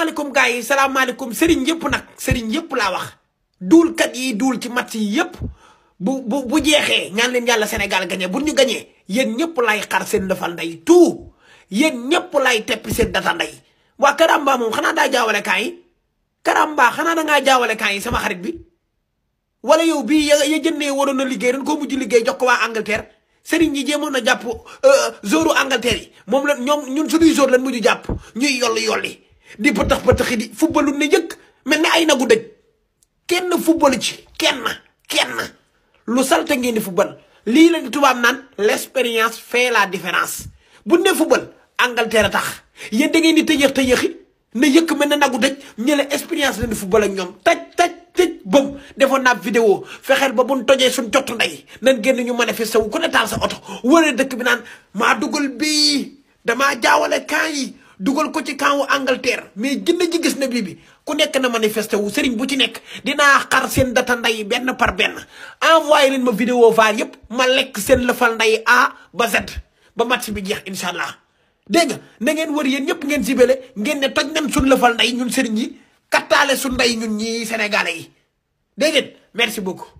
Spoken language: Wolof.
salaamaaleykum gars yi salaamaaleykum sëriñ yëpp nag sëriñ yëpp laa wax kat yi duul ci match yi yëpp bu bu jeexee ñaan leen yàlla Sénégal gagné bu ñu gañee yéen ñëpp lay xar seen lëfal ndey tout yéen ñëpp lay teppi seen data ndey waa Karamba moom xanaa daa jaawale kaa yi Karamba xanaa da ngaa jaawale kaa yi sama xarit bi wala yow bii ya jëndee waroon na liggéey dañ koo mujj liggéey jox ko waa Angleterre sëriñ yi jéemoon na jàpp zoru euh, euh, Angleterre yi moom la ñoom ñun suñuy zor lan mujj jàpp ñuy yolli yolli di pëtax pëtaxi di fubbalu ne yëkk mel ni ay nagu dëj kenn fubbalu ci kenn kenn lu salte ngeen di fubbal lii la tubaab naan l'expérience fait la différence bu ne fubbal Angleterre a tax yéen da ngeen di tëjëx tëjëxi ne yëkk mel ne nagu dëj ñu ne expérience leen di fubbal ak ñoom taj taj tëj bëm defoon naa vidéo fexeel ba buñ tojee suñ jot ndey na genn ñu manifesté wu ko ne taal sa oto wala dëkk bi naan maa dugal bii dama jaawale kan yi dugal ko ci camp wu Angleterre mais gën ji gis na bii bi ku nekk na manifesté wu sëriñ bu ci nekk dina xar seen data nday benn par benn envoyé leen ma vidéo vaar yëpp ma lekk seen lëfal nday A ba sedd ba match bi jeex incha allah dégg nga na ngeen wër yéen ñëpp ngeen sibele ngeen ne tag ngeen suñ lëfal nday ñun sëriñ yi kattaale suñ nday ñun ñi sénégalais yi dégg ngeen merci beaucoup.